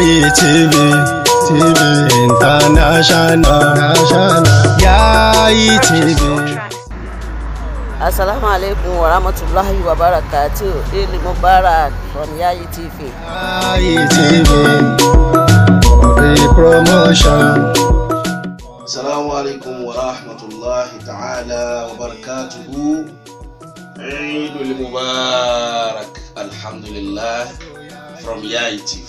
yi TV TV international ya TV cibi Assalamu alaikum wa rahmatullahi wa barakatuh. Daily Mubarak from Yayi TV. Yayi TV. The promotion. Assalamu alaikum wa rahmatullahi ta'ala wa barakatuh. Eid al-Mubarak. Alhamdulillah from Yai TV.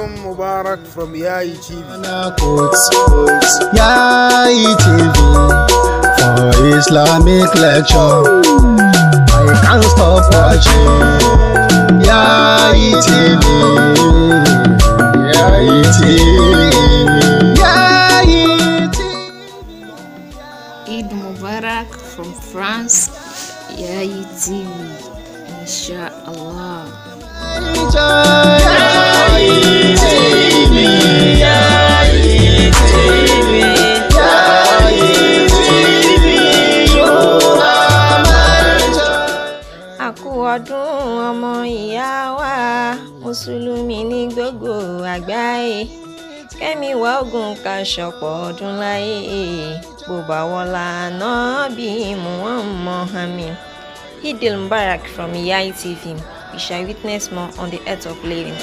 Welcome Mubarak from Yayi TV. Yayi TV for Islamic lecture. I can't stop watching Yayi TV. Yayi TV. Yayi TV. Eid Mubarak from France. Yayi TV. Inshallah. ọmọ ìyá wa mùsùlùmí ní gbogbo àgbáyé kẹ́mi wá ogun ká ṣọ̀pọ̀ ọdún láyé bó bá wọlá Ànábì Muhammad Eid al-Mubarak from Yai TV we shall witness more on the earth of living.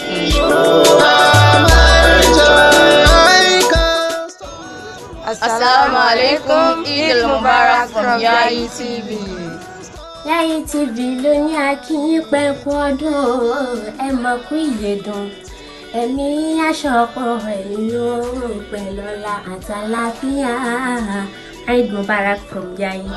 Assalamu alaikum, mubarak from Iyai TV lẹ́yìn tí bí ló ní akínyìn pẹ́kú ọdún ẹ mọ̀ kú ìyèdùn ẹ̀mí aṣọ ọ̀pọ̀ ẹ̀mí ló ń pè lọ́la àtàlàfíà Eid Mubarak from Yayi.